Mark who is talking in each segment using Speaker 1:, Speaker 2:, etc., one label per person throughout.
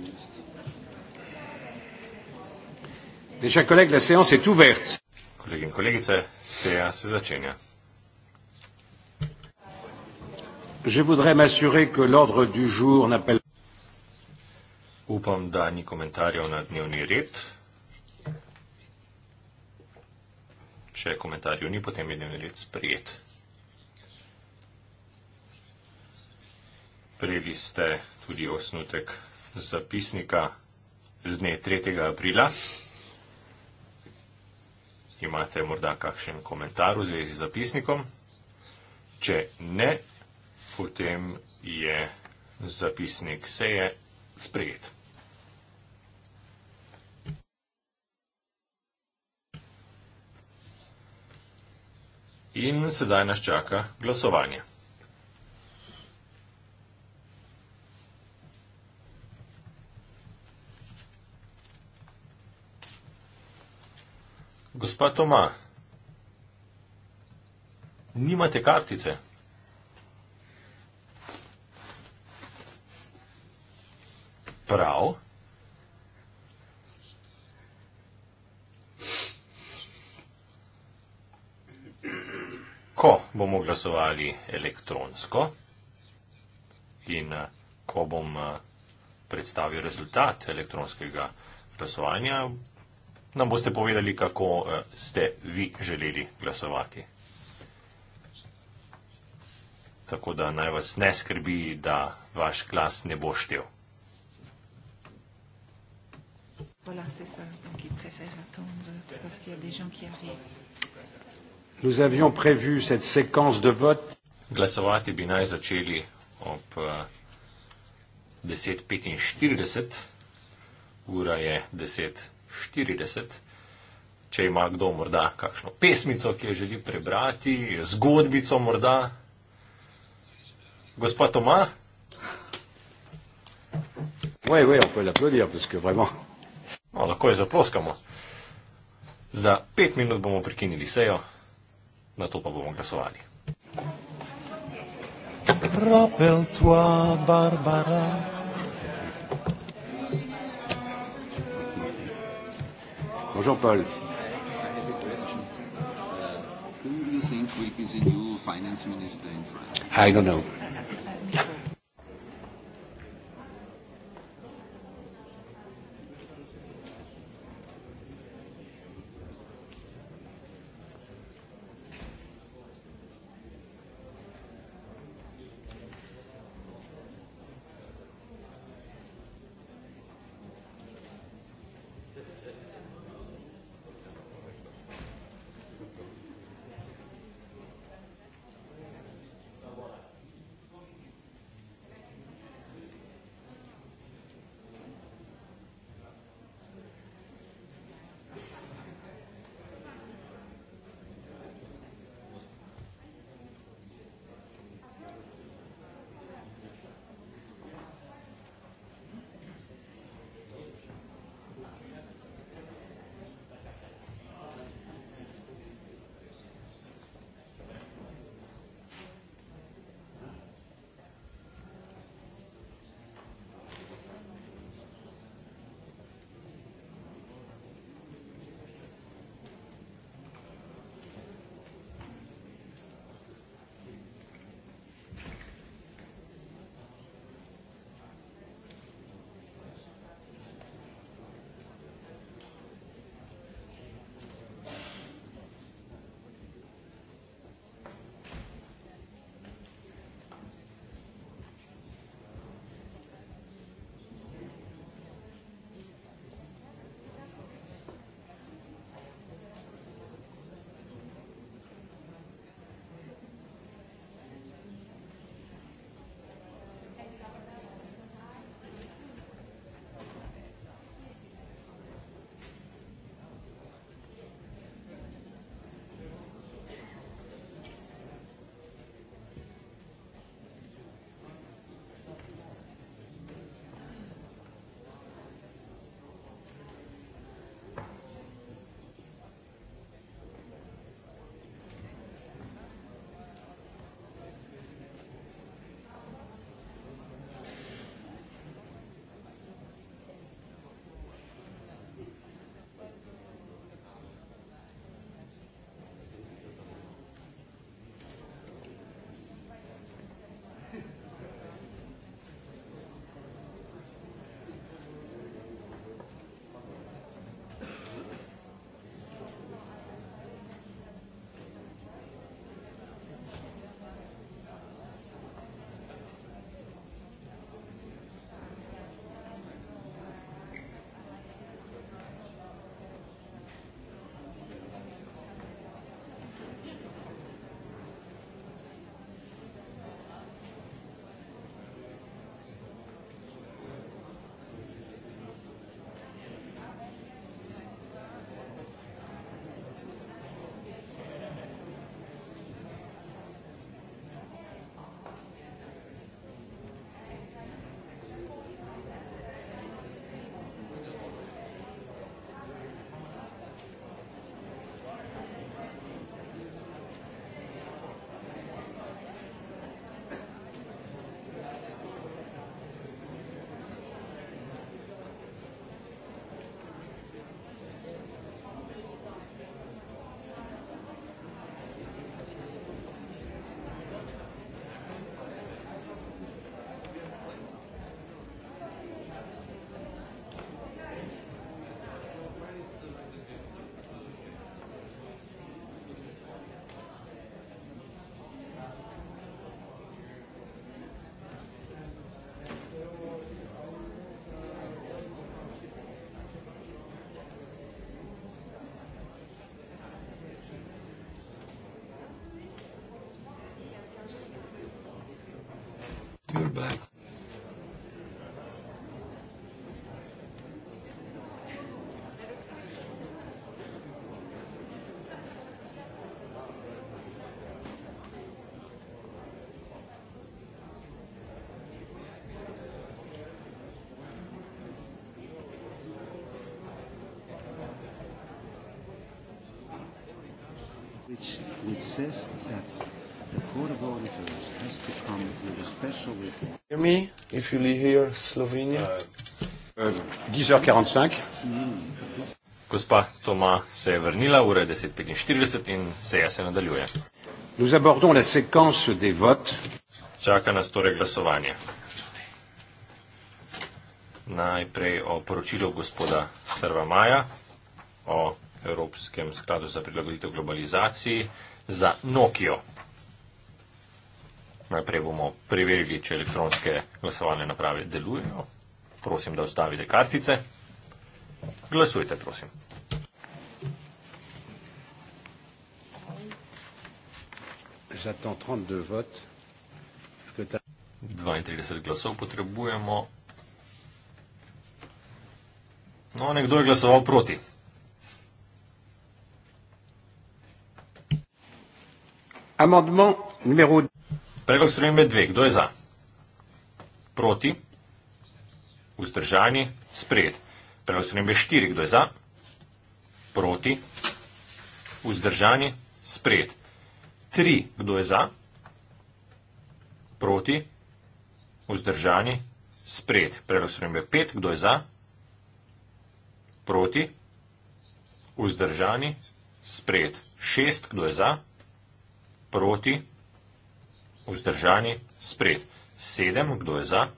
Speaker 1: ministre. Mes chers collègues, la séance est ouverte. Kolegi in kolegice, seja se začenja. Je voudrais m'assurer que l'ordre du jour n'appelle Upam, da ni komentarjev na dnevni red. Če komentarjev ni, potem je dnevni red sprijet. Prijeli ste tudi osnutek zapisnika z dne 3. aprila. Imate morda kakšen komentar v zvezi z zapisnikom? Če ne, potem je zapisnik seje sprejet. In sedaj nas čaka glasovanje. Gospa Toma, nimate kartice? Prav. Ko bomo glasovali elektronsko in eh, ko bom eh, predstavil rezultat elektronskega glasovanja, nam boste povedali, kako eh, ste vi želeli glasovati. Tako da naj vas ne skrbi, da vaš glas ne bo štev. Glasovati bi naj začeli ob 10.45. Eh, Ura je 10. 40, če ima kdo morda kakšno pesmico, ki jo želi prebrati, zgodbico morda. Gospa Toma? Moje vejo, ko je laplodija, poskrbajmo. No, lahko jo zaploskamo. Za pet minut bomo prekinili sejo, na to pa bomo glasovali.
Speaker 2: Propel tua Barbara. Bonjour oh, Jean-Paul. Uh, who do you think will be the new finance minister in France? I don't know. You're back. which insists that Hear me if you hear Slovenia.
Speaker 1: Uh, uh, 10h45. Gospa Toma se je vrnila, ura je 10.45 in seja se nadaljuje. Nous abordons la séquence des votes. Čaka nas torej glasovanje. Najprej o poročilu gospoda Srva Maja o Evropskem skladu za prilagoditev globalizaciji za Nokio. Najprej bomo preverili, če elektronske glasovalne naprave delujejo. Prosim, da ustavite kartice. Glasujte, prosim. Skrita... 32 glasov potrebujemo. No, nekdo je glasoval proti. Amendment numero 2. Predlog spremembe dve. Kdo je za? Proti? Vzdržani? Sprejet. Predlog spremembe štiri. Kdo je za? Proti? Vzdržani? Sprejet. Tri. Kdo je za? Proti? Vzdržani? Sprejet. Predlog spremembe pet. Kdo je za? Proti? Vzdržani? Sprejet. Šest. Kdo je za? Proti? Vzdržani? vzdržani, spred. Sedem, kdo je za?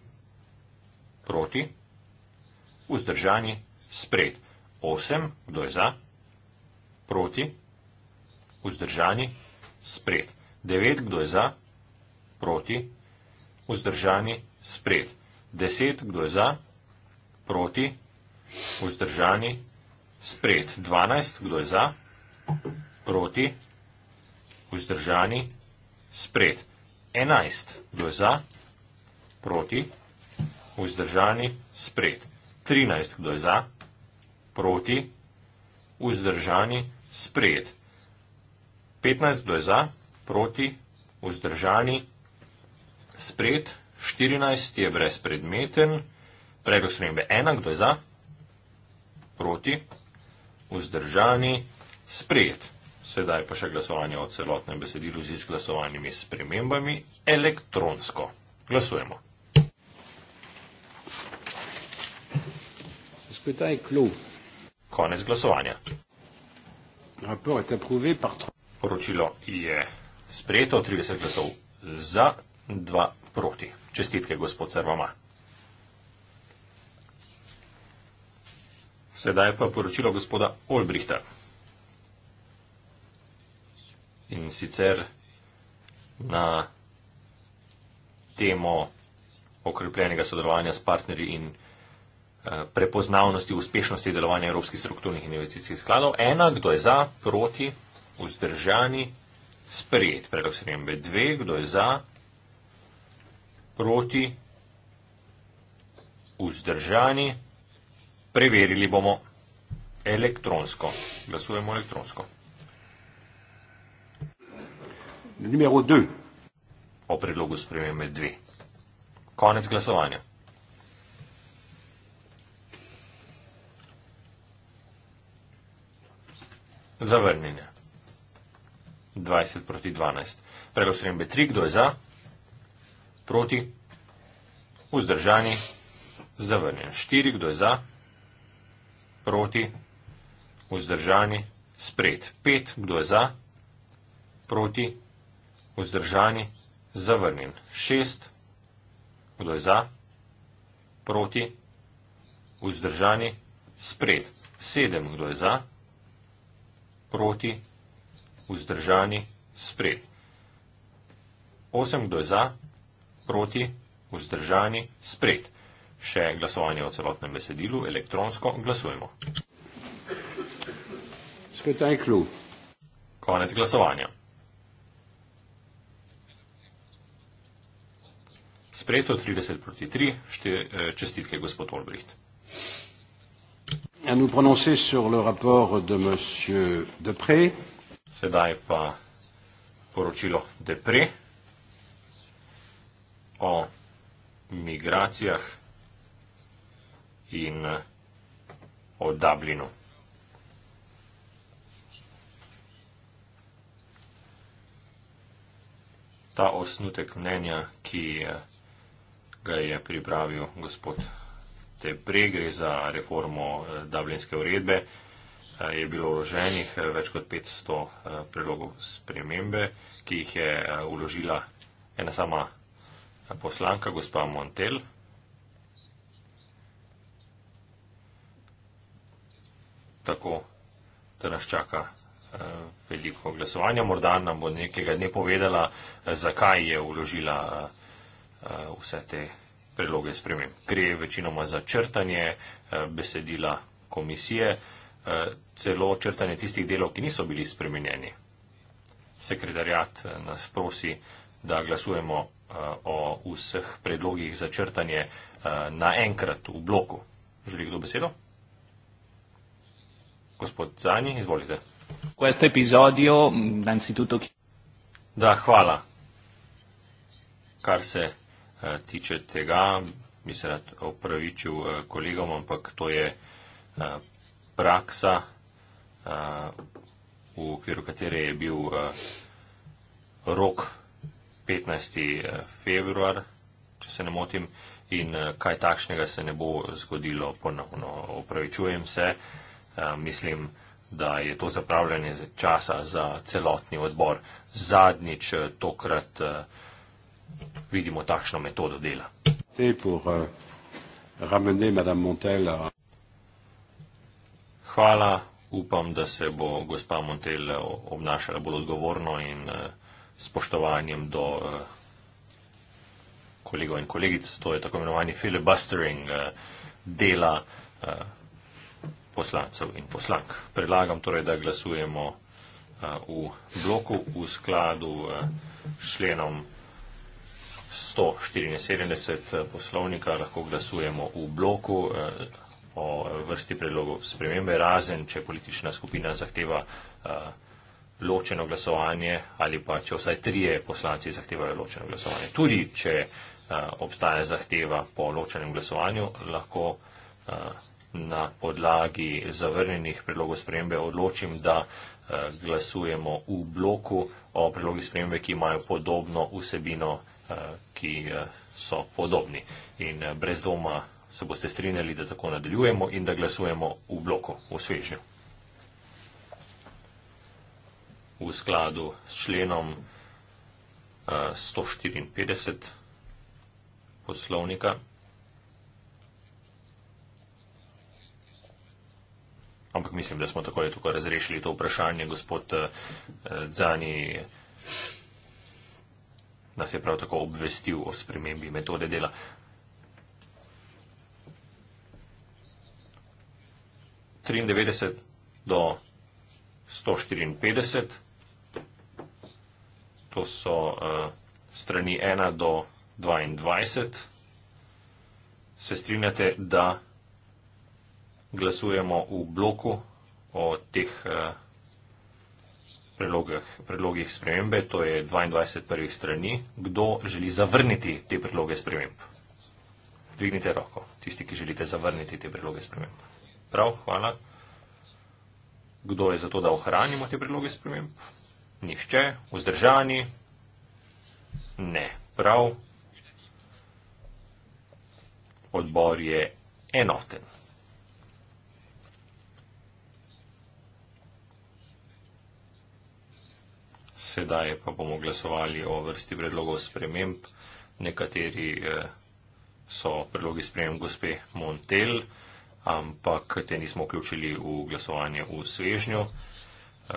Speaker 1: Proti. Vzdržani, spred. Osem, kdo je za? Proti. Vzdržani, spred. Devet, kdo je za? Proti. Vzdržani, spred. Deset, kdo je za? Proti. Vzdržani, spred. Dvanajst, kdo je za? Proti. Vzdržani, spred. 11 je za, proti, vzdržani, spred. 13 je za, proti, vzdržani, spred. 15 je za, proti, vzdržani, spred. 14 je brezpredmeten, predlog spremembe 1, kdo je za, proti, vzdržani, spred. Sedaj pa še glasovanje o celotnem besedilu z izglasovanimi spremembami elektronsko. Glasujemo. Konec glasovanja. Poročilo je sprejeto, 30 glasov za, 2 proti. Čestitke, gospod Servama. Sedaj pa poročilo gospoda Olbrihta in sicer na temo okrepljenega sodelovanja s partnerji in eh, prepoznavnosti, uspešnosti delovanja evropskih strukturnih in investicijskih skladov. Ena, kdo je za, proti, vzdržani, sprejet. Predlog srembe dve, kdo je za, proti, vzdržani, preverili bomo elektronsko. Glasujemo elektronsko. Le numéro 2. O predlogu spremembe 2. Konec glasovanja. Zavrnjenje. 20 proti 12. Predlog spremembe 3. Kdo je za? Proti? Vzdržani? Zavrnjen. 4. Kdo je za? Proti? Vzdržani? Spred. 5. Kdo je za? Proti? Vzdržani? vzdržani, zavrnjen. Šest, kdo je za, proti, vzdržani, spred. Sedem, kdo je za, proti, vzdržani, spred. Osem, kdo je za, proti, vzdržani, spred. Še glasovanje o celotnem besedilu, elektronsko glasujemo. Spet je klub. Konec glasovanja. sprejeto 30 proti 3. Šte, eh, čestitke, gospod Olbricht. A nous prononcer sur le rapport de M. Depré. Sedaj pa poročilo Depré o migracijah in eh, o Dublinu. Ta osnutek mnenja, ki je ga je pripravil gospod Tebre, gre za reformo eh, Dublinske uredbe. Eh, je bilo vloženih eh, več kot 500 predlogov spremembe, ki jih je uložila ena sama poslanka, gospa Montel. Tako, da nas čaka veliko glasovanja. Morda nam bo nekega dne povedala, zakaj je uložila. Eh, vse te predloge spremem. Gre večinoma za črtanje eh, besedila komisije, eh, celo črtanje tistih delov, ki niso bili spremenjeni. Sekretarjat nas prosi, da glasujemo o vseh predlogih za črtanje naenkrat v bloku. Želi kdo besedo? Gospod Zani, izvolite. Questo episodio, innanzitutto... Da, hvala. Kar se Eh, tiče tega, bi se rad opravičil eh, kolegom, ampak to je eh, praksa, v okviru katere je bil rok 15. februar, če se ne motim, in kaj takšnega se ne bo zgodilo ponovno. Opravičujem se, mislim, da je to zapravljanje časa za celotni odbor. Zadnjič tokrat vidimo takšno metodo dela. Euh, Hvala, upam, da se bo gospa Montel eh, obnašala bolj odgovorno in eh, spoštovanjem do eh, kolegov in kolegic. To je tako imenovani filibustering dela poslancev in poslank. Predlagam torej, da glasujemo v bloku v skladu s členom 174 eh, poslovnika lahko glasujemo v bloku eh, o eh, vrsti predlogov spremembe, razen če politična skupina zahteva ločeno glasovanje ali pa če vsaj trije poslanci zahtevajo ločeno glasovanje. Tudi če obstaja zahteva po ločenem glasovanju, lahko na podlagi zavrnjenih predlogov spremembe odločim, da glasujemo v bloku o predlogih spremembe, ki imajo podobno vsebino Eh, ki eh, so podobni. In eh, brez dvoma se boste strinjali, da tako nadaljujemo in da glasujemo v bloku, v svežnju. V skladu s členom 154 poslovnika. Ampak mislim, da smo tako je tukaj razrešili to vprašanje, gospod Dzani nas je prav tako obvestil o spremembi metode dela. Do 154, to so uh, strani 1 do 22, se strinjate, da glasujemo v bloku o teh uh, predlogih, predlogih spremembe, to je 22 prvih strani, kdo želi zavrniti te predloge sprememb. Dvignite roko, tisti, ki želite zavrniti te predloge sprememb. Prav, hvala. Kdo je za to, da ohranimo te predloge sprememb? Nihče. Vzdržani? Ne. Prav. Odbor je enoten. sedaj pa bomo glasovali o vrsti predlogov sprememb. Nekateri eh, so predlogi sprememb gospe Montel, ampak te nismo vključili v glasovanje v svežnju. 112, eh,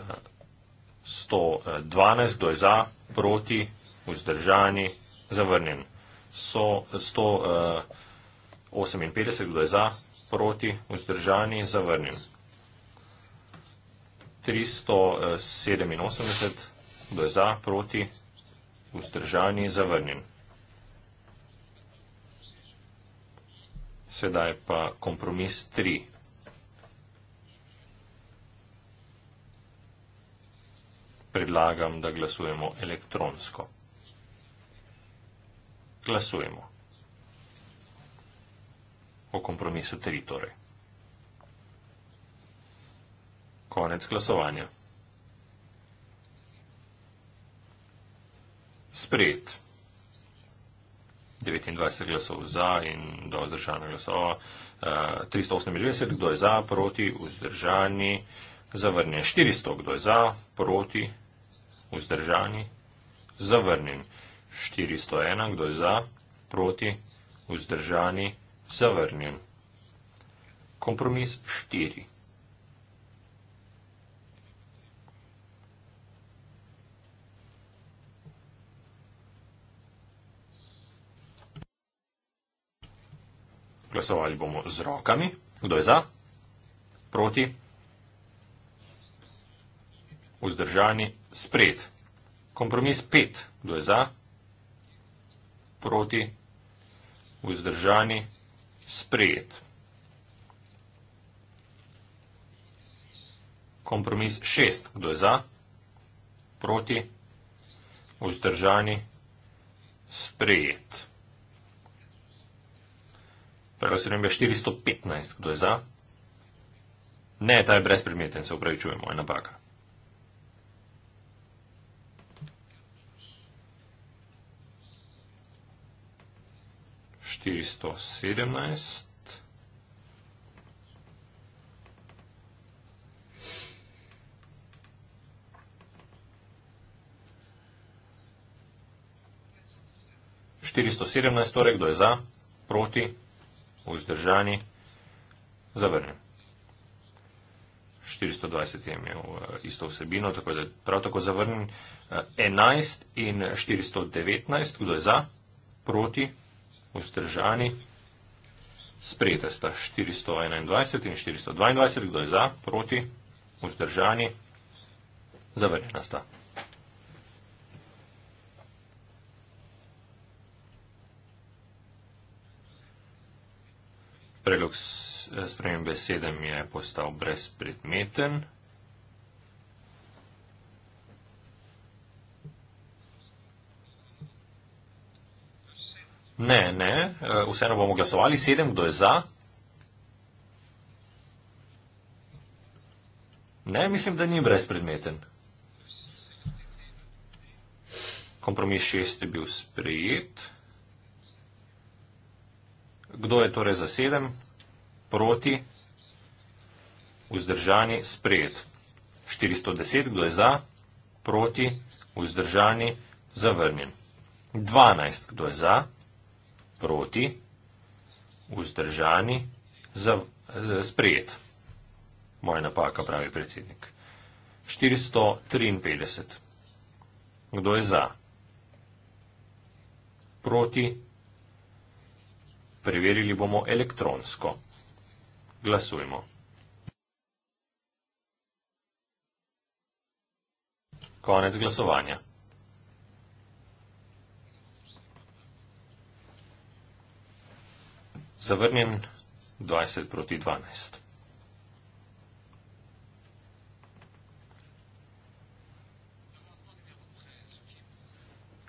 Speaker 1: eh, kdo je za, proti, vzdržani, zavrnjen. So 158, kdo je za, proti, vzdržani, zavrnjen. 387 do za, proti, vzdržani, zavrnjen. Sedaj pa kompromis 3. Predlagam, da glasujemo elektronsko. Glasujemo. O kompromisu 3 torej. Konec glasovanja. sprejet. 29 glasov za in do vzdržanega glasova. 398, kdo je za, proti, vzdržani, zavrnjen. 400, kdo je za, proti, vzdržani, zavrnjen. 401, kdo je za, proti, vzdržani, zavrnjen. Kompromis 4. Glasovali bomo z rokami. Kdo je za? Proti? Vzdržani? Spred. Kompromis 5. Kdo je za? Proti? Vzdržani? Spred. Kompromis 6. Kdo je za? Proti? Vzdržani? Spred. Spred. Prva sprememba je 415, kdo je za? Ne, ta je brezpredmeten, se upravičujemo, je napaka. Štiristo sedemnajst. Štiristo sedemnajst, torej kdo je za, proti, vzdržani, zavrnem. 420 je imel eh, isto vsebino, tako da prav tako zavrnem 11 eh, in 419, kdo je za, proti, vzdržani, sprejete sta 421 in 422, kdo je za, proti, vzdržani, zavrnjena sta. predlog eh, spremem besede mi je postal brezpredmeten. Ne, ne, eh, vseeno bomo glasovali. Sedem, kdo je za? Ne, mislim, da ni brezpredmeten. Kompromis šest je bil sprejet. Kdo je torej za sedem? Proti? Vzdržani? Sprejet. 410. Kdo je za? Proti? Vzdržani? Zavrnjen. 12. Kdo je za? Proti? Vzdržani? Sprejet. Moja napaka, pravi predsednik. 453. Kdo je za? Proti? Preverili bomo elektronsko. Glasujmo. Konec glasovanja. Zavrnjen 20 proti 12.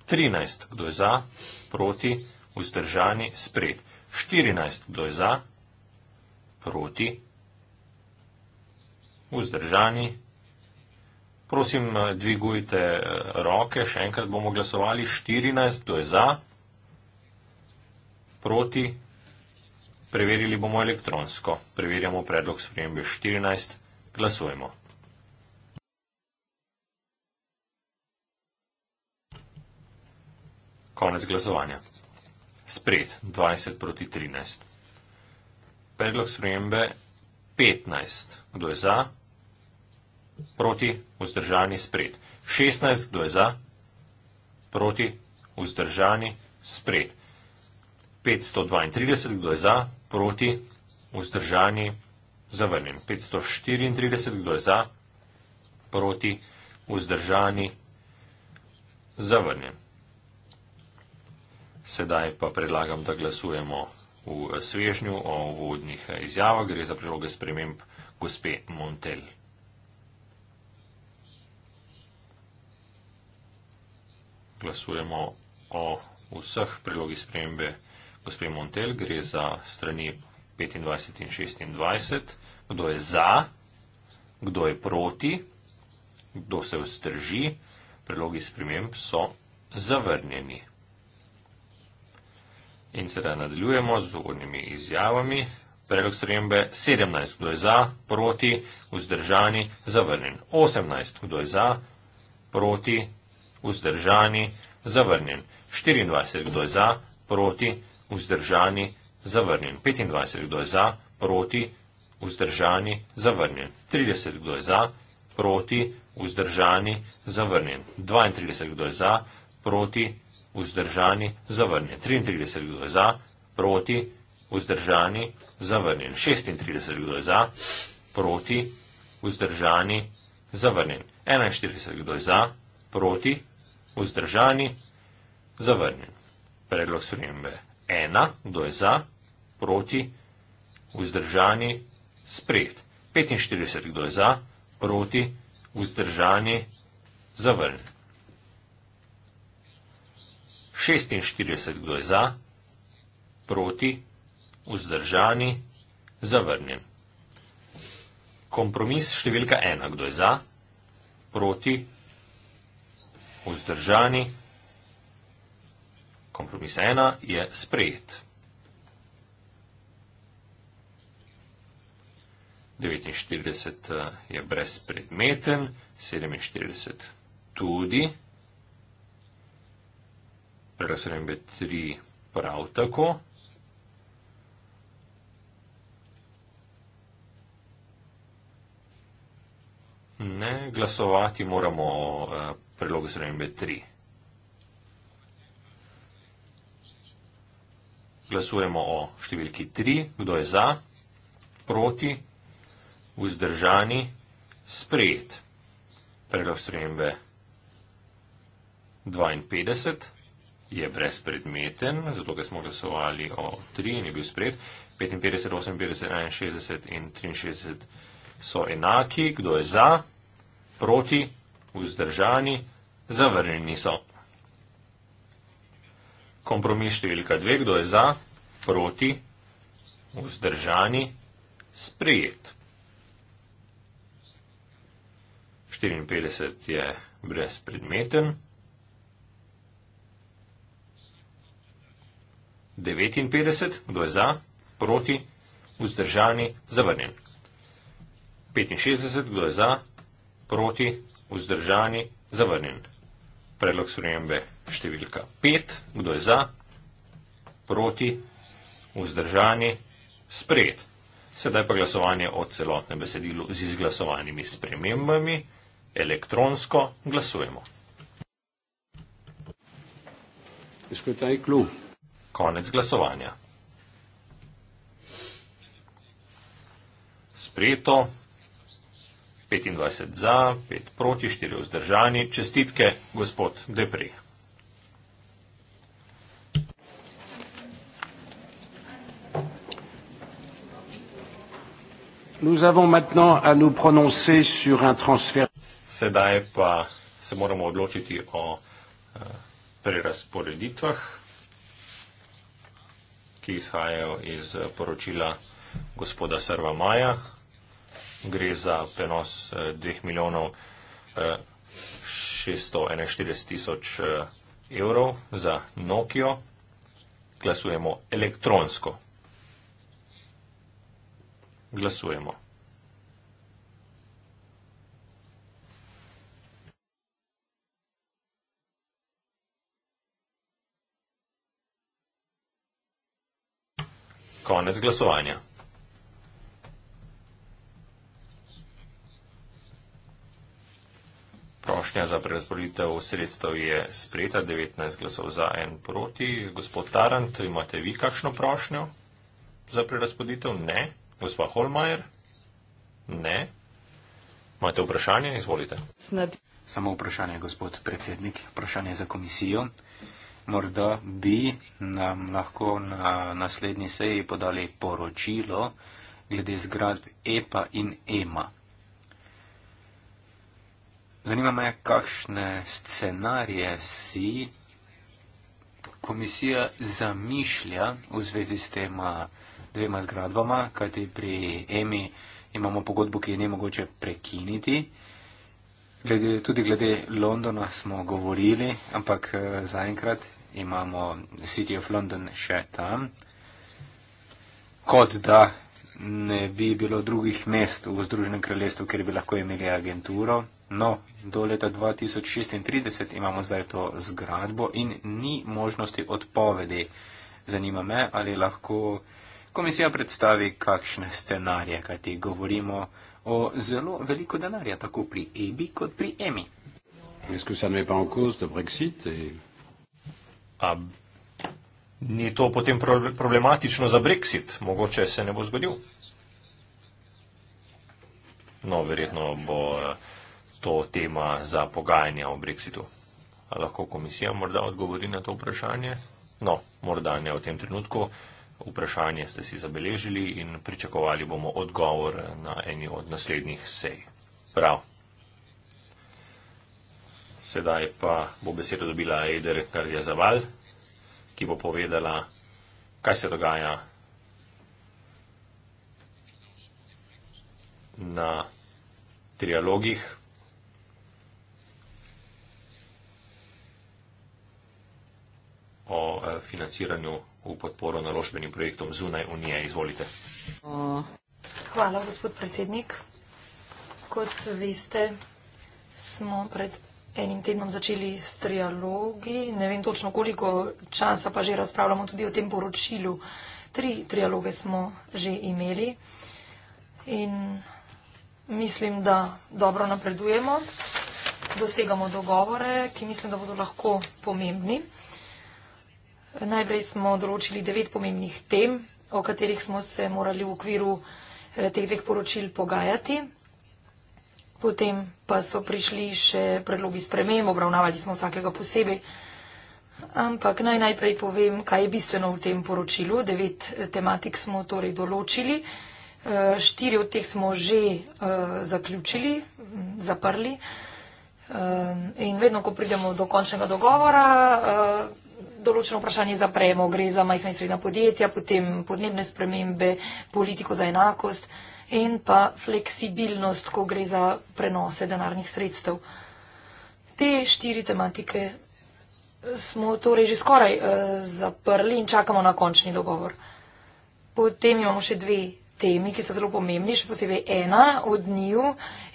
Speaker 1: Trinajst, kdo je za, proti, vzdržani, spred. 14, kdo je za, proti, vzdržani. Prosim, eh, dvigujte eh, roke, še enkrat bomo glasovali. 14, kdo je za, proti, preverili bomo elektronsko. Preverjamo predlog spremembe 14, glasujemo. Konec glasovanja. Spred 20 proti 13. Predlog spremembe 15. Kdo je za? Proti vzdržani spred. 16. Kdo je za? Proti vzdržani spred. 532. Kdo je za? Proti vzdržani zavrnjen. 534. Kdo je za? Proti vzdržani zavrnjen. Sedaj pa predlagam, da glasujemo v svežnju o vodnih izjavah. Gre za priloge sprememb gospe Montel. Glasujemo o vseh prilogih spremembe gospe Montel. Gre za strani 25 in 26. Kdo je za? Kdo je proti? Kdo se vzdrži? Prilogi sprememb so zavrnjeni. In sedaj nadaljujemo z uvodnimi izjavami. Predlog sprejembe 17, kdo je za, proti, vzdržani, zavrnjen. 18, kdo je za, proti, vzdržani, zavrnjen. 24, kdo je za, proti, vzdržani, zavrnjen. 25, kdo je za, proti, vzdržani, zavrnjen. 30, kdo je za, proti, vzdržani, zavrnjen. 32, kdo je za, proti, vzdržani, zavrnjen vzdržani, zavrnjen. 33 je bilo za, proti, vzdržani, zavrnjen. 36 je bilo za, proti, vzdržani, zavrnjen. 41 je bilo za, proti, vzdržani, zavrnjen. Predlog spremembe 1, kdo je za, proti, vzdržani, sprejet. 45 je bilo za, proti, vzdržani, zavrnjen. 46 glasov za, proti, vzdržani, zavrnjen. Kompromis številka ena, kdo je za, proti, vzdržani, kompromis ena je sprejet. 49 eh, je brezpredmeten, 47 tudi razrembe 3 prav tako. Ne, glasovati moramo eh, prilog razrembe 3. Glasujemo o številki 3, kdo je za, proti, vzdržani, sprejet. Predlog strembe 52 je brezpredmeten, zato ker smo glasovali o 3 in je bil sprejet. 55, 58, 61 in 63 so enaki. Kdo je za, proti, vzdržani, zavrnjeni so. Kompromis številka 2. Kdo je za, proti, vzdržani, sprejet. 54 je brezpredmeten. 59, kdo je za, proti, vzdržani, zavrnjen. 65, kdo je za, proti, vzdržani, zavrnjen. Predlog spremembe številka 5, kdo je za, proti, vzdržani, sprejet. Sedaj pa glasovanje o celotnem besedilu z izglasovanimi spremembami. Elektronsko glasujemo. Escutar aí, clube. Konec glasovanja. Sprijeto. 25 za, 5 proti, 4 vzdržani. Čestitke, gospod Depri. Nous avons maintenant à nous prononcer sur un transfert. Sedaj pa se moramo odločiti o uh, eh, prerasporeditvah ki izhajajo iz eh, poročila gospoda Srva Maja. Gre za prenos 2 eh, milijonov 641 eh, tisoč evrov za Nokio. Glasujemo elektronsko. Glasujemo. Konec glasovanja. Prošnja za prerazporitev sredstev je sprejeta, 19 glasov za en proti. Gospod Tarant, imate vi kakšno prošnjo za prerazporitev? Ne. Gospa Holmajer? Ne. Imate vprašanje? Izvolite.
Speaker 2: Snad. Samo vprašanje, gospod predsednik. Vprašanje za komisijo. Morda bi nam lahko na naslednji seji podali poročilo glede zgradb EPA in EMA. Zanima me, kakšne scenarije si komisija zamišlja v zvezi s tema dvema zgradbama, kajti pri EMI imamo pogodbo, ki je ne mogoče prekiniti. Glede, tudi glede Londona smo govorili, ampak eh, zaenkrat imamo City of London še tam, kot da ne bi bilo drugih mest v Združenem kraljestvu, kjer bi lahko imeli agenturo. No, do leta 2036 imamo zdaj to zgradbo in ni možnosti odpovedi. Zanima me, ali lahko komisija predstavi kakšne scenarije, kajti govorimo o zelo veliko denarja, tako pri EBI kot pri EMI.
Speaker 1: Est-ce que ça ne met pas en cause le Brexit et Ni to potem problematično za Brexit? Mogoče se ne bo zgodil. No, verjetno bo eh, to tema za pogajanja o Brexitu. A lahko komisija morda odgovori na to vprašanje? No, morda ne v tem trenutku. Vprašanje ste si zabeležili in pričakovali bomo odgovor na eni od naslednjih sej. Prav. Sedaj pa bo besedo dobila Eder Karjazaval, ki bo povedala, kaj se dogaja na trialogih. o eh, financiranju v podporo naložbenim projektom zunaj Unije. Izvolite.
Speaker 3: Hvala, gospod predsednik. Kot veste, smo pred enim tednom začeli s trialogi. Ne vem točno, koliko časa pa že razpravljamo tudi o tem poročilu. Tri trialoge smo že imeli in mislim, da dobro napredujemo, dosegamo dogovore, ki mislim, da bodo lahko pomembni. Najprej smo določili devet pomembnih tem, o katerih smo se morali v okviru eh, teh dveh poročil pogajati. Potem pa so prišli še predlogi sprememb, obravnavali smo vsakega posebej. Ampak naj najprej povem, kaj je bistveno v tem poročilu. Devet eh, tematik smo torej določili, eh, štiri od teh smo že eh, zaključili, zaprli. In vedno, ko pridemo do končnega dogovora, določeno vprašanje zapremo, gre za majhna in srednja podjetja, potem podnebne spremembe, politiko za enakost in pa fleksibilnost, ko gre za prenose denarnih sredstev. Te štiri tematike smo torej že skoraj uh, zaprli in čakamo na končni dogovor. Potem imamo še dve temi, ki sta zelo pomembni, še posebej ena od njiju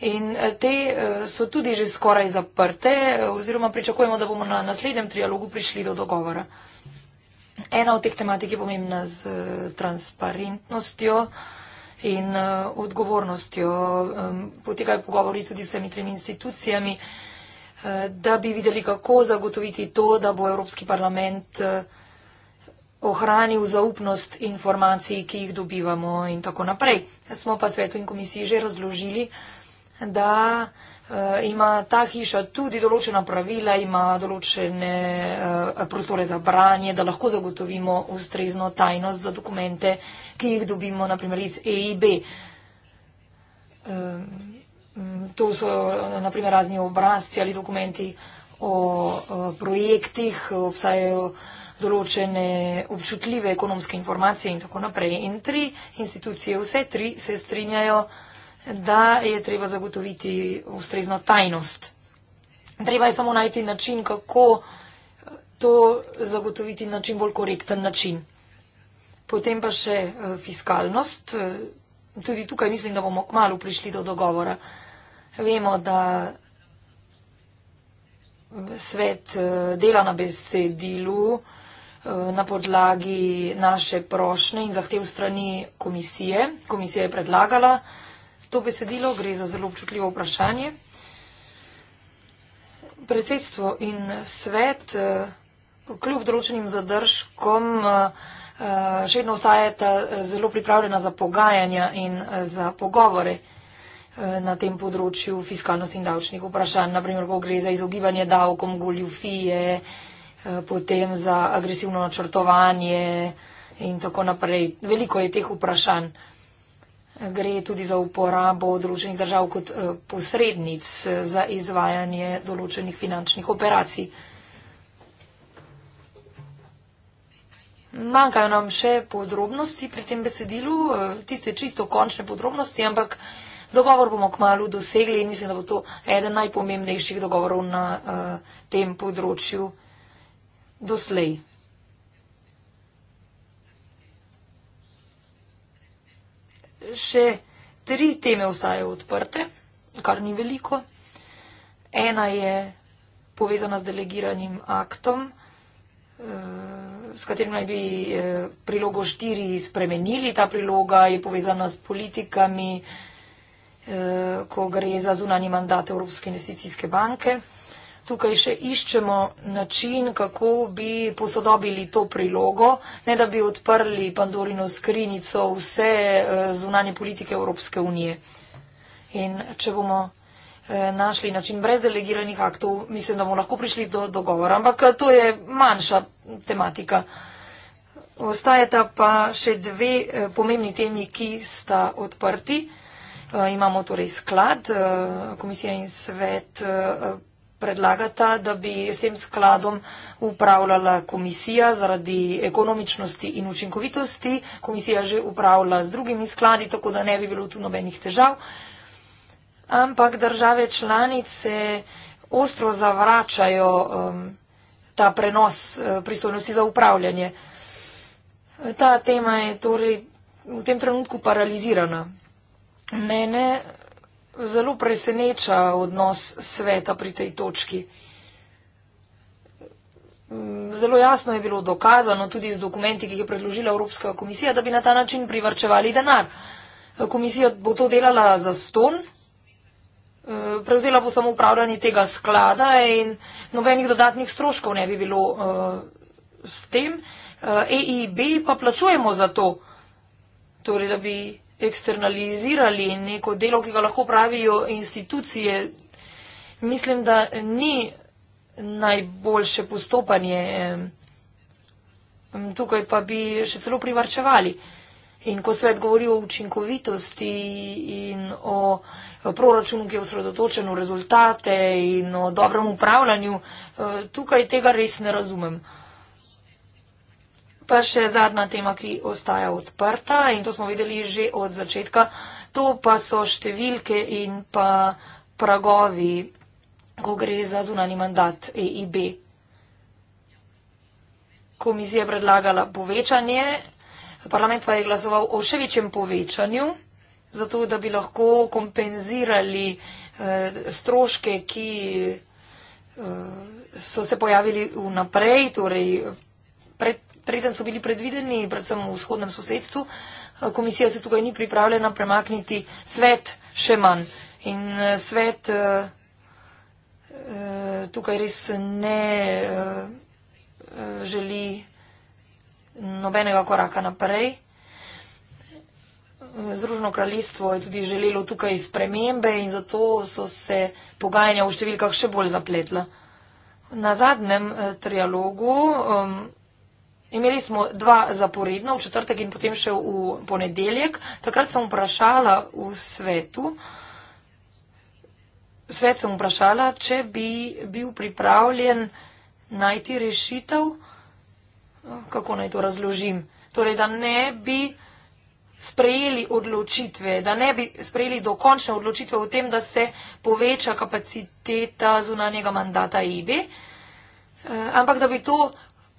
Speaker 3: in eh, te eh, so tudi že skoraj zaprte oziroma pričakujemo, da bomo na naslednjem trialogu prišli do dogovora. Ena od teh tematik je pomembna z transparentnostjo. Uh, in uh, odgovornostjo. Um, potekajo pogovori tudi z vsemi tremi institucijami, uh, da bi videli, kako zagotoviti to, da bo Evropski parlament uh, ohranil zaupnost informacij, ki jih dobivamo in tako naprej. Smo pa svetu in komisiji že razložili, da. Eh, ima ta hiša tudi določena pravila, ima določene eh, prostore za branje, da lahko zagotovimo ustrezno tajnost za dokumente, ki jih dobimo naprimer iz EIB. Eh, mm, to so naprimer razni obrazci ali dokumenti o projektih, obstajajo določene občutljive ekonomske informacije in tako naprej. In tri institucije, vse tri se strinjajo, da je treba zagotoviti ustrezno tajnost. Treba je samo najti način, kako eh, to zagotoviti na čim bolj korekten način. Potem pa še eh, fiskalnost. Eh, tudi tukaj mislim, da bomo kmalo prišli do dogovora. Vemo, da svet dela na besedilu na podlagi naše prošnje in zahtev strani komisije. Komisija je predlagala to besedilo, gre za zelo občutljivo vprašanje. Predsedstvo in svet eh, kljub določenim zadržkom eh, eh, še vedno ostajata zelo pripravljena za pogajanja in za pogovore na tem področju fiskalnosti in davčnih vprašanj. Naprimer, ko gre za izogibanje davkom, goljufije, potem za agresivno načrtovanje in tako naprej. Veliko je teh vprašanj gre tudi za uporabo družbenih držav kot eh, posrednic za izvajanje določenih finančnih operacij. Manjkajo nam še podrobnosti pri tem besedilu, eh, tiste čisto končne podrobnosti, ampak dogovor bomo k malu dosegli in mislim, da bo to eden najpomembnejših dogovorov na eh, tem področju doslej. še tri teme ostajajo odprte, kar ni veliko. Ena je povezana z delegiranim aktom, eh, s katerim naj bi eh, prilogo štiri spremenili. Ta priloga je povezana s politikami, eh, ko gre za zunani mandat Evropske investicijske banke tukaj še iščemo način, kako bi posodobili to prilogo, ne da bi odprli Pandorino skrinico vse eh, zunanje politike Evropske unije. In če bomo eh, našli način brez delegiranih aktov, mislim, da bomo lahko prišli do dogovora. Ampak eh, to je manjša tematika. Ostajata pa še dve pomembni temi, ki sta odprti. Imamo torej sklad, komisija in svet predlagata, da bi s tem skladom upravljala komisija zaradi ekonomičnosti in učinkovitosti. Komisija že upravlja z drugimi skladi, tako da ne bi bilo tu nobenih težav. Ampak države članice ostro zavračajo um, ta prenos uh, pristojnosti za upravljanje. Ta tema je torej v tem trenutku paralizirana. Mene zelo preseneča odnos sveta pri tej točki. Mm, zelo jasno je bilo dokazano tudi z dokumenti, ki jih je predložila Evropska komisija, da bi na ta način privrčevali denar. Komisija bo to delala za ston, e, prevzela bo samo upravljanje tega sklada in nobenih dodatnih stroškov ne bi bilo e, s tem. EIB e pa plačujemo za to, torej da bi eksternalizirali neko delo, ki ga lahko pravijo institucije, mislim, da ni najboljše postopanje. Tukaj pa bi še celo privarčevali. In ko svet govori o učinkovitosti in o proračunu, ki je osredotočen v rezultate in o dobrem upravljanju, eh, tukaj tega res ne razumem. Pa še zadnja tema, ki ostaja odprta in to smo videli že od začetka, to pa so številke in pa pragovi, ko gre za zunani mandat EIB. Komisija je predlagala povečanje, parlament pa je glasoval o še večjem povečanju, zato da bi lahko kompenzirali eh, stroške, ki eh, so se pojavili vnaprej, torej pred preden so bili predvideni, predvsem v vzhodnem sosedstvu. Eh, komisija se tukaj ni pripravljena premakniti, svet še manj. In eh, svet eh, tukaj res ne želi nobenega koraka naprej. Združeno kraljestvo je tudi želelo tukaj spremembe in zato so se pogajanja v številkah še bolj zapletla. Na zadnjem trialogu um, Imeli smo dva zaporedna, v četrtek in potem še v ponedeljek. Takrat sem vprašala v svetu, svet sem vprašala, če bi bil pripravljen najti rešitev, kako naj to razložim. Torej, da ne bi sprejeli odločitve, da ne bi sprejeli dokončne odločitve o tem, da se poveča kapaciteta zunanjega mandata IBE, eh, ampak da bi to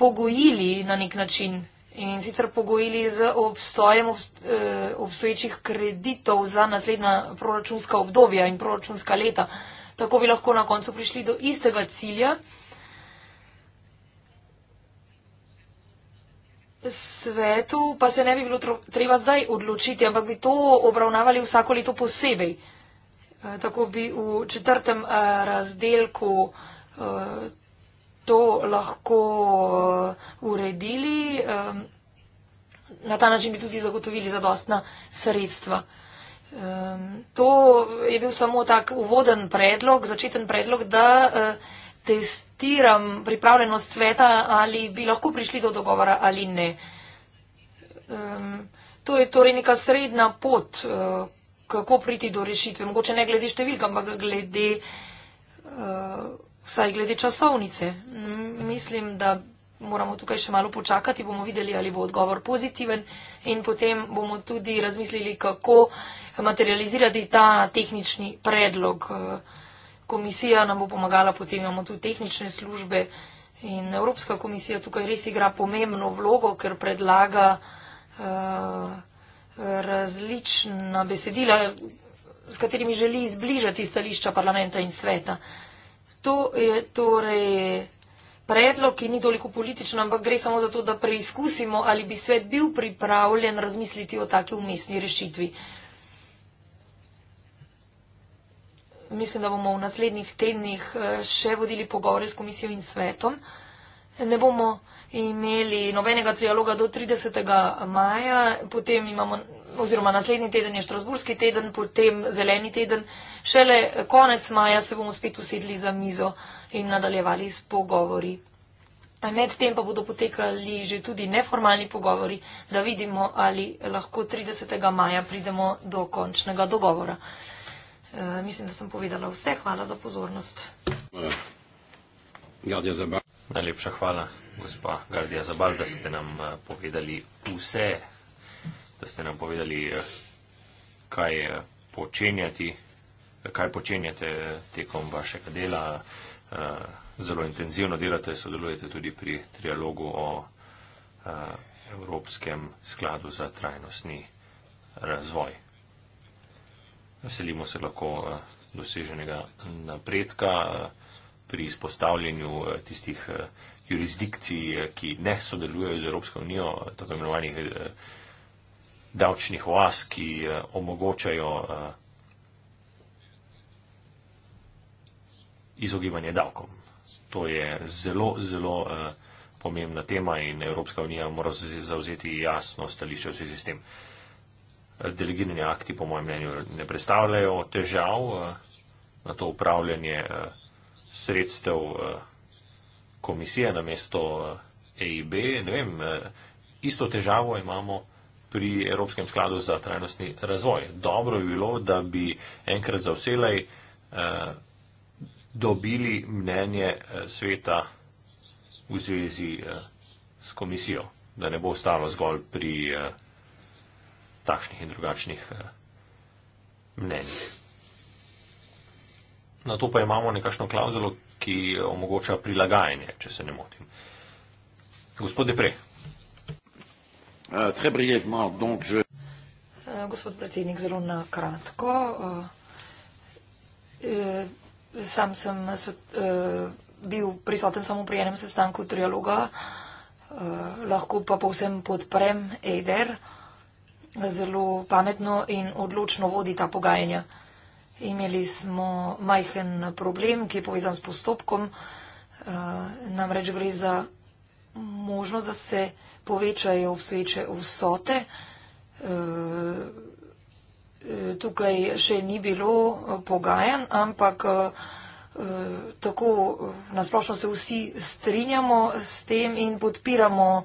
Speaker 3: pogojili na nek način in sicer pogojili z obstojem eh, obstoječih kreditov za naslednja proračunska obdobja in proračunska leta. Tako bi lahko na koncu prišli do istega cilja. Svetu pa se ne bi bilo treba zdaj odločiti, ampak bi to obravnavali vsako leto posebej. Eh, tako bi v četrtem eh, razdelku to lahko uh, uredili. Um, na ta način bi tudi zagotovili zadostna sredstva. Um, to je bil samo tak uvoden predlog, začeten predlog, da uh, testiram pripravljenost sveta, ali bi lahko prišli do dogovora ali ne. Um, to je torej neka sredna pot, uh, kako priti do rešitve. Mogoče ne glede številka, ampak glede. Uh, vsaj glede časovnice. Mislim, da moramo tukaj še malo počakati, bomo videli, ali bo odgovor pozitiven in potem bomo tudi razmislili, kako materializirati ta tehnični predlog. Komisija nam bo pomagala, potem imamo tudi tehnične službe in Evropska komisija tukaj res igra pomembno vlogo, ker predlaga uh, različna besedila, s katerimi želi izbližati stališča parlamenta in sveta. Uh, To je torej predlog, ki ni toliko političen, ampak gre samo za to, da preizkusimo, ali bi svet bil pripravljen razmisliti o taki umestni rešitvi. Mislim, da bomo v naslednjih tednih eh, še vodili pogovore s komisijo in svetom. Ne bomo imeli nobenega trialoga do 30. maja, potem imamo oziroma naslednji teden je Štrasburski teden, potem zeleni teden. Šele konec maja se bomo spet usedli za mizo in nadaljevali s pogovori. Medtem pa bodo potekali že tudi neformalni pogovori, da vidimo, ali lahko 30. maja pridemo do končnega dogovora. E, mislim, da sem povedala vse. Hvala za pozornost.
Speaker 1: Najlepša hvala, gospa Gardija Zabal, da ste nam e, povedali vse da ste nam povedali, eh, kaj eh, počenjati, kaj počenjate eh, tekom vašega dela. Zelo intenzivno delate, sodelujete tudi pri trialogu o Evropskem skladu za trajnostni razvoj. Veselimo se lahko doseženega napredka pri izpostavljanju tistih jurisdikcij, ki ne sodelujejo z Evropsko unijo, tako imenovanih davčnih oas, ki eh, omogočajo eh, izogibanje davkom. To je zelo, zelo eh, pomembna tema in Evropska unija mora zauzeti jasno stališče v zvezi s tem. Delegirani akti, po mojem mnenju, ne predstavljajo težav na to upravljanje sredstev komisije na mesto EIB. E ne vem, isto težavo imamo pri Evropskem skladu za trajnostni razvoj. Dobro bi bilo, da bi enkrat za vselej eh, dobili mnenje eh, sveta v zvezi eh, s komisijo, da ne bo ostalo zgolj pri eh, takšnih in drugačnih eh, mnenjih. Na to pa imamo nekakšno klauzulo, ki omogoča prilagajanje, če se ne motim. Gospod Depre. Euh, très brièvement, donc je...
Speaker 3: Euh, gospod predsednik, zelo na kratko. Uh, uh, sam sem uh, bil prisoten samo pri enem sestanku trialoga, lahko pa povsem podprem EDER. Zelo pametno in odločno vodi ta pogajanja. Imeli smo majhen problem, ki je povezan s postopkom, namreč gre za možnost, da se povečajo obstoječe vsote. Eh, tukaj še ni bilo eh, pogajan, ampak eh, tako nasplošno se vsi strinjamo s tem in podpiramo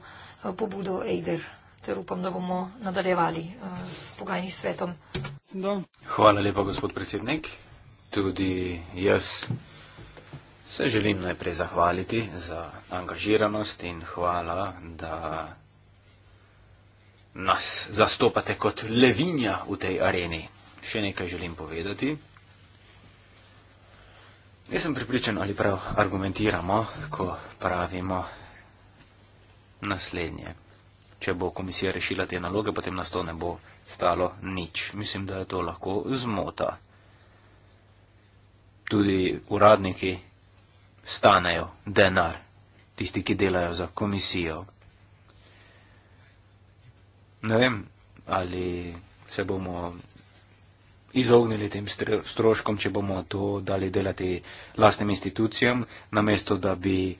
Speaker 3: pobudo EIDER. Ter upam, da bomo nadaljevali s pogajnim svetom.
Speaker 2: Hvala lepa, gospod predsednik. Tudi jaz Se želim najprej zahvaliti za angažiranost in hvala, da nas zastopate kot levinja v tej areni. Še nekaj želim povedati. Nisem pripričan, ali prav argumentiramo, ko pravimo naslednje. Če bo komisija rešila te naloge, potem nas to ne bo stalo nič. Mislim, da je to lahko zmota. Tudi uradniki stanejo denar, tisti, ki delajo za komisijo. Ne vem, ali se bomo izognili tem stroškom, če bomo to dali delati lastnim institucijam, namesto da bi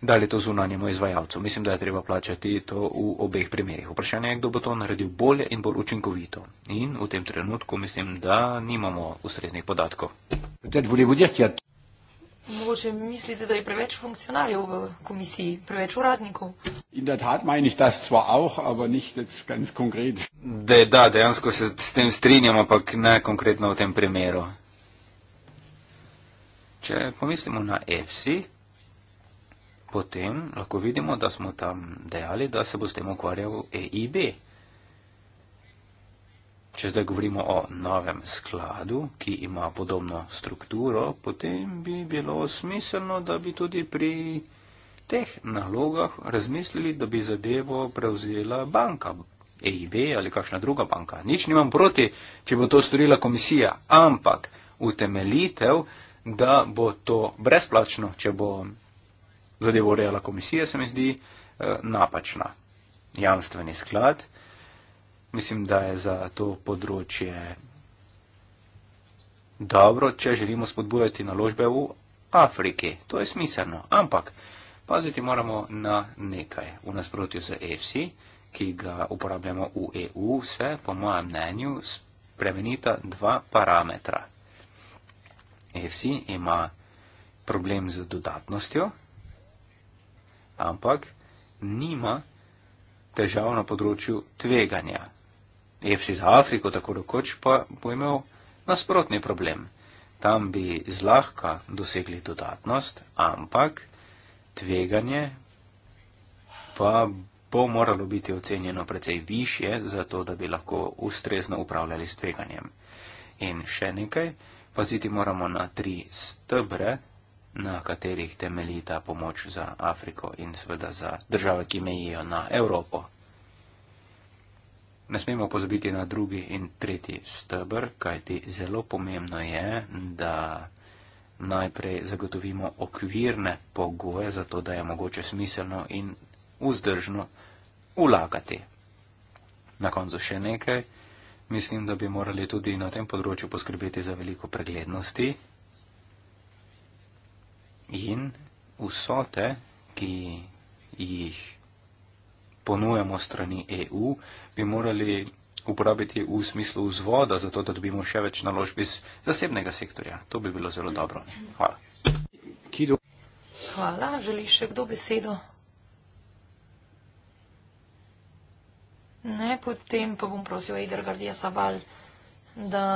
Speaker 2: dali to zunanjemu izvajalcu. Mislim, da je treba plačati to v obeh primerjih. Vprašanje je, kdo bo to naredil bolje in bolj učinkovito. In v tem trenutku mislim, da nimamo ustreznih podatkov.
Speaker 3: Mogoče mislite, da je preveč funkcionarjev v komisiji, preveč uradnikov?
Speaker 2: In da tat meni, da sva auh, ampak ni jetz ganz konkret. De, da, dejansko se s tem strinjam, ampak ne konkretno v tem primeru. Če pomislimo na EFSI, potem lahko vidimo, da smo tam dejali, da se bo s tem ukvarjal EIB. Če zdaj govorimo o novem skladu, ki ima podobno strukturo, potem bi bilo smiselno, da bi tudi pri teh nalogah razmislili, da bi zadevo prevzela banka, EIB ali kakšna druga banka. Nič nimam proti, če bo to storila komisija, ampak utemelitev, da bo to brezplačno, če bo zadevo urejala komisija, se mi zdi eh, napačna. Jamstveni sklad. Mislim, da je za to področje dobro, če želimo spodbujati naložbe v Afriki. To je smiselno. Ampak paziti moramo na nekaj. V nasprotju z EFSI, ki ga uporabljamo v EU, se po mojem mnenju spremenita dva parametra. EFSI ima problem z dodatnostjo, ampak nima težav na področju tveganja. Epsi za Afriko, tako dokoč, pa bo imel nasprotni problem. Tam bi zlahka dosegli dodatnost, ampak tveganje pa bo moralo biti ocenjeno precej više, zato da bi lahko ustrezno upravljali s tveganjem. In še nekaj, paziti moramo na tri stebre, na katerih temeljita pomoč za Afriko in seveda za države, ki mejijo na Evropo. Ne smemo pozabiti na drugi in tretji stebr, kajti zelo pomembno je, da najprej zagotovimo okvirne pogoje za to, da je mogoče smiselno in vzdržno vlagati. Na koncu še nekaj. Mislim, da bi morali tudi na tem področju poskrbeti za veliko preglednosti in vsote, ki jih ponujamo strani EU, bi morali uporabiti v smislu vzvoda, zato da dobimo še več naložb iz zasebnega sektorja. To bi bilo zelo dobro. Hvala. Kido.
Speaker 3: Hvala. Želi še kdo besedo? Ne, potem pa bom prosil Eider Gardija Saval, da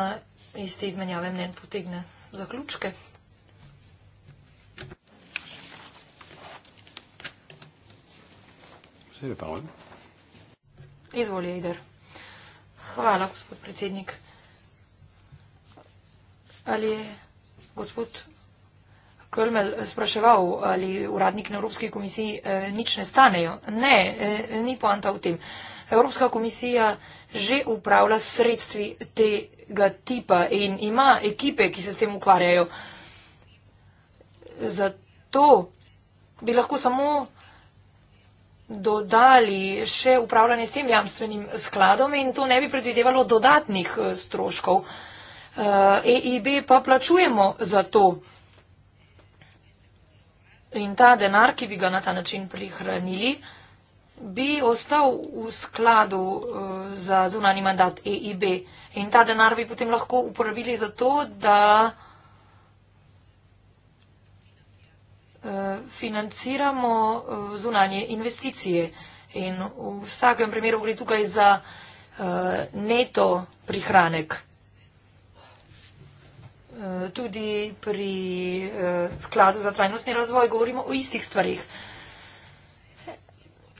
Speaker 3: iz te izmenjave mnen potegne zaključke. Sede parole. Izvoli, Eider. Hvala, gospod predsednik. Ali je gospod Krmel spraševal, ali uradnik na Evropski komisiji eh, nič ne stanejo? Ne, eh, ni poanta v tem. Evropska komisija že upravlja sredstvi tega tipa in ima ekipe, ki se s tem ukvarjajo. Zato bi lahko samo dodali še upravljanje s tem jamstvenim skladom in to ne bi predvidevalo dodatnih eh, stroškov. EIB eh, e pa plačujemo za to. In ta denar, ki bi ga na ta način prihranili, bi ostal v skladu eh, za zunani mandat EIB. In ta denar bi potem lahko uporabili za to, da financiramo eh, zunanje investicije. In v vsakem primeru gre tukaj za eh, neto prihranek. Eh, tudi pri skladu za trajnostni razvoj govorimo o istih stvarih.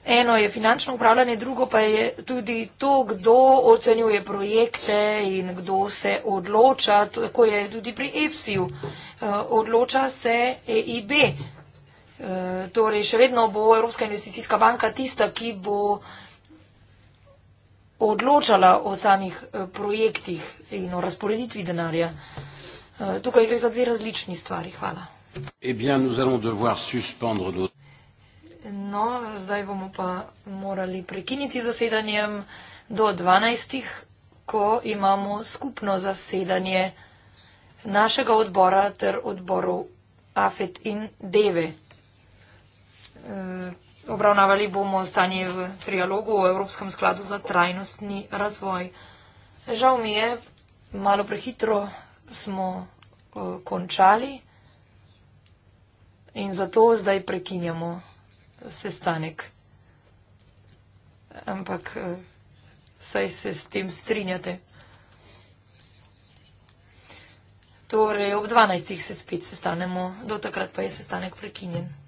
Speaker 3: Eno je finančno upravljanje, drugo pa je tudi to, kdo ocenjuje projekte in kdo se odloča, tako je tudi pri EFSI-ju. Odloča se EIB, Eh, torej, še vedno bo Evropska investicijska banka tista, ki bo odločala o samih eh, projektih in o razporeditvi denarja. Eh, tukaj gre za dve različni stvari. Hvala. No, zdaj bomo pa morali prekiniti zasedanjem do 12. ko imamo skupno zasedanje našega odbora ter odborov AFET in DEVE. Eh, obravnavali bomo stanje v trialogu o Evropskem skladu za trajnostni razvoj. Žal mi je, malo prehitro smo eh, končali in zato zdaj prekinjamo sestanek. Ampak eh, saj se s tem strinjate. Torej, ob 12. se spet sestanemo, do takrat pa je sestanek prekinjen.